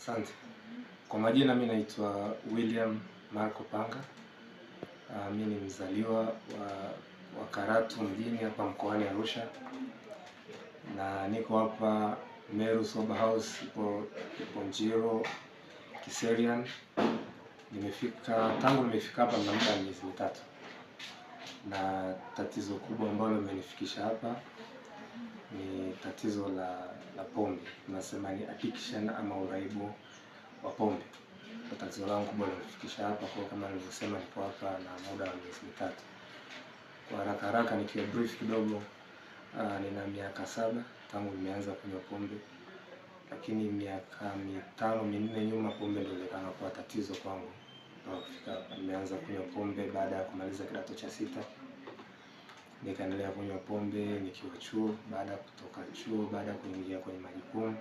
Asante. Kwa majina mi naitwa William Marco Panga. Uh, mi ni mzaliwa wa, wa Karatu mjini hapa mkoani Arusha na niko hapa Meru Sober House ipo ipo Njiro Kiserian. Nimefika tangu nimefika hapa na muda miezi mitatu, na tatizo kubwa ambalo limenifikisha hapa ni tatizo la, la pombe, tunasema ni addiction ama uraibu wa pombe. Tatizo langu kubwa limefikisha hapa, kwa kama nilivyosema, niko hapa na muda wa miezi mitatu. Kwa haraka haraka, nikiwa brief kidogo, uh, nina miaka saba tangu nimeanza kunywa pombe, lakini miaka mitano minne nyuma pombe ndio ilionekana kuwa tatizo kwangu. Nimeanza kunywa pombe baada ya kumaliza kidato cha sita nikaendelea kunywa pombe nikiwa chuo, baada ya kutoka chuo, baada ya kuingia kwenye majukumu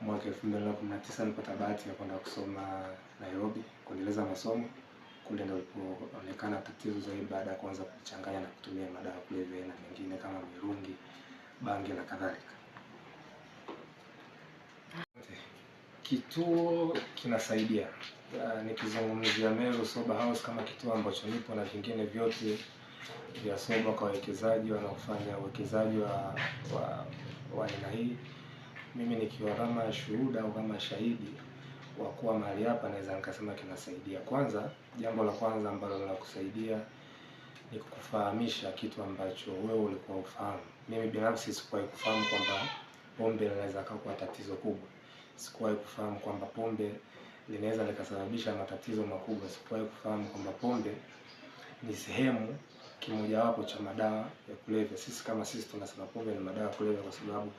mwaka 2019 nilipata bahati ya kwenda kusoma Nairobi kuendeleza masomo. Kule ndio ilipoonekana tatizo zaidi, baada ya kuanza kuchanganya na kutumia madawa kulevya na mengine kama mirungi, bangi na kadhalika. Kituo kinasaidia. Nikizungumzia Meru Sober House kama kituo ambacho nipo na vingine vyote vya kwa wawekezaji wanaofanya uwekezaji wa wa aina hii, mimi nikiwa kama shuhuda au kama shahidi wa kuwa mahali hapa, naweza nikasema kinasaidia. Kwanza, jambo la kwanza ambalo linakusaidia ni kukufahamisha kitu ambacho wewe ulikuwa ufahamu. Mimi binafsi sikuwahi kufahamu kwamba pombe linaweza kuwa tatizo kubwa. Sikuwahi kufahamu kwamba pombe linaweza likasababisha matatizo makubwa. Sikuwahi kufahamu kwamba pombe ni sehemu kimojawapo cha madawa ya kulevya. Sisi kama sisi tunasema pombe ni madawa ya kulevya, kwa sababu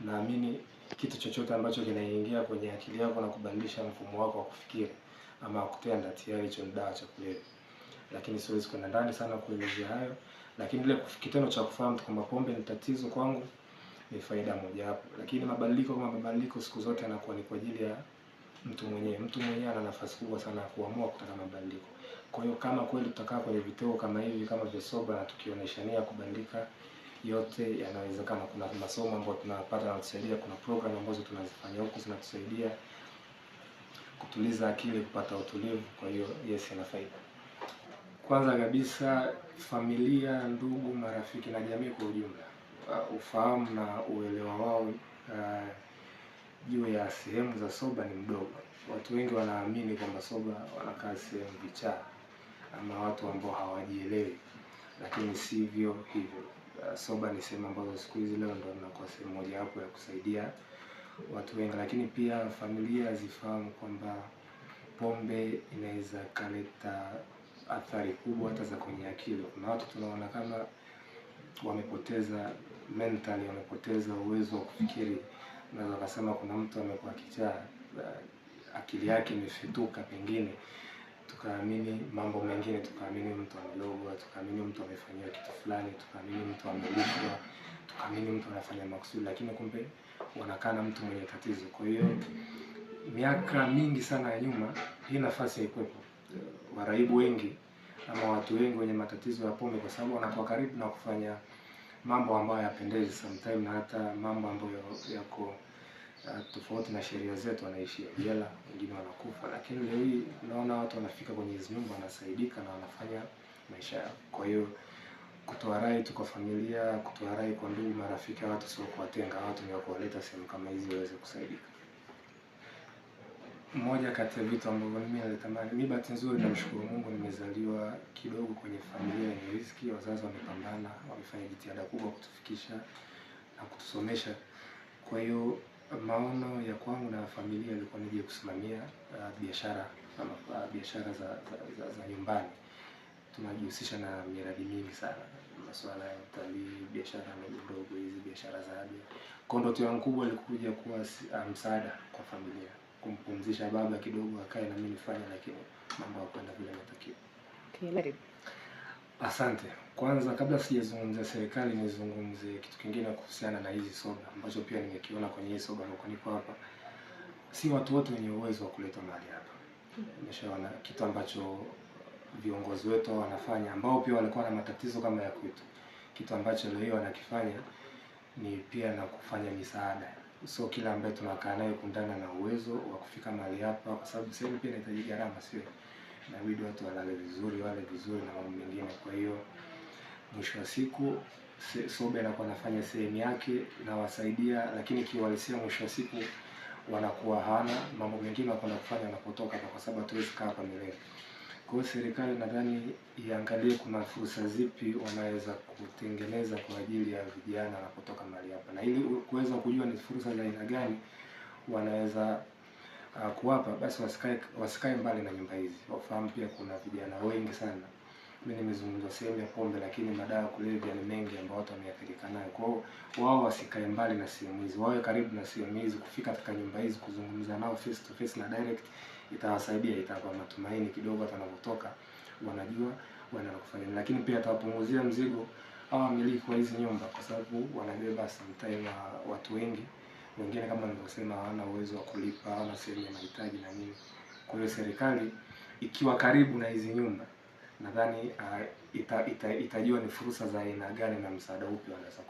naamini kitu chochote ambacho kinaingia kwenye akili yako na kubadilisha mfumo wako wa kufikiri ama kutenda, tayari hicho ni dawa cha kulevya. Lakini siwezi kwenda ndani sana kuelezea hayo, lakini ile kitendo cha kufahamu kwamba pombe ni tatizo kwangu ni faida mojawapo. Lakini mabadiliko kama mabadiliko, siku zote yanakuwa ni kwa ajili ya mtu mwenyewe. Mtu mwenyewe ana nafasi kubwa sana ya kuamua kutaka mabadiliko. Kwa hiyo kama kweli tutakaa kwenye vituo kama hivi kama vya soba na tukioneshania kubandika yote yanawezekana. Kuna masomo ambayo tunapata yanatusaidia, kuna program ambazo tunazifanya huku zinatusaidia kutuliza akili, kupata utulivu. Kwa hiyo yes, ina faida. Kwanza kabisa, familia, ndugu, marafiki na jamii kwa ujumla, uh, ufahamu na uelewa wao uh, juu ya sehemu za soba ni mdogo. Watu wengi wanaamini kwamba soba wanakaa sehemu vichaa ama watu ambao hawajielewi, lakini sivyo hivyo. Uh, soba ni sehemu ambazo siku hizi leo ndio inakuwa sehemu hapo ya kusaidia watu wengi, lakini pia familia zifahamu kwamba pombe inaweza kaleta athari kubwa hata za kwenye akili. Kuna watu tunaona kama wamepoteza mentally, wamepoteza uwezo wa kufikiri. Unaweza kusema kuna mtu amekuwa kichaa, uh, akili yake imefituka pengine tukaamini mambo mengine, tukaamini mtu amelogwa, tukaamini mtu amefanyiwa kitu fulani, tukaamini mtu amelishwa, tukaamini mtu anafanya makusudi, lakini kumbe wanakaa na mtu mwenye tatizo. Kwa hiyo miaka mingi sana ya nyuma, hii nafasi haikuwepo. Waraibu wengi ama watu wengi wenye matatizo ya pombe, kwa sababu wanakuwa karibu na kufanya mambo ambayo yapendezi sometimes, na hata mambo ambayo yako Eh, tofauti na sheria zetu, wanaishia jela, wengine wanakufa. Lakini leo hii naona watu wanafika kwenye hizo nyumba, wanasaidika na wanafanya maisha yao. Kwa hiyo kutoa rai tu kwa familia, kutoa rai kwa ndugu, marafiki, watu sio kuwatenga watu, ni kuwaleta sehemu kama hizi waweze kusaidika. Moja kati ya vitu ambavyo mimi nalitamani, mimi bahati nzuri, namshukuru Mungu, nimezaliwa kidogo kwenye familia yenye riziki. Wazazi wamepambana, wamefanya jitihada kubwa kutufikisha na kutusomesha, kwa hiyo maono ya kwangu na familia ilikuwa nije kusimamia uh, biashara uh, biashara za, za, za, za nyumbani. Tunajihusisha na miradi mingi sana, masuala ya utalii, biashara ndogo hizi, biashara za hadi. Kwa ndoto yangu kubwa ilikuja kuwa uh, msaada kwa familia, kumpumzisha baba kidogo, akae na mimi nifanye, lakini mambo hakwenda vile natakiwa. Okay, Asante. Kwanza kabla sijazungumzia serikali, nizungumzie kitu kingine kuhusiana na hizi soda ambacho pia nimekiona kwenye hii soda huko niko hapa. Si watu wote wenye uwezo wa kuleta mali hapa. Nimeshaona kitu ambacho viongozi wetu wanafanya ambao pia walikuwa na matatizo kama ya kwetu. Kitu ambacho leo hiyo wanakifanya ni pia na kufanya misaada. So kila ambaye tunakaa naye kundana na uwezo wa kufika mali hapa kwa sababu sehemu pia inahitaji gharama sio? inabidi watu walale vizuri, wale vizuri na mambo mengine. Kwa hiyo mwisho wa siku se, sobe anakuwa anafanya sehemu yake nawasaidia, lakini kiuhalisia mwisho wa siku wanakuwa hana mambo mengine wako kufanya na kutoka kwa sababu hatuwezi kaa hapa milele. Kwa hiyo serikali nadhani iangalie kuna fursa zipi wanaweza kutengeneza kwa ajili ya vijana na kutoka mahali hapa, na ili kuweza kujua ni fursa za aina gani wanaweza uh, kuwapa basi wasikae wasikae mbali na nyumba hizi. Wafahamu pia kuna vijana wengi sana. Mimi nimezungumza sehemu ya pombe, lakini madawa kulevya ni mengi ambayo watu wameathirika nayo. Kwa hiyo wao wasikae mbali na sehemu hizi, wawe karibu na sehemu hizi, kufika katika nyumba hizi, kuzungumza nao face to face na direct, itawasaidia, itawapa matumaini kidogo, hata wanapotoka wanajua wanaenda kufanya lakini pia atawapunguzia mzigo hawa wamiliki wa hizi nyumba, kwa sababu wanabeba sometimes uh, watu wengi wengine kama nilivyosema hawana uwezo wa kulipa, hawana sehemu ya mahitaji na nini. Kwa hiyo serikali ikiwa karibu na hizi nyumba, nadhani uh, ita, ita, itajua ni fursa za aina gani na msaada upi wanaweza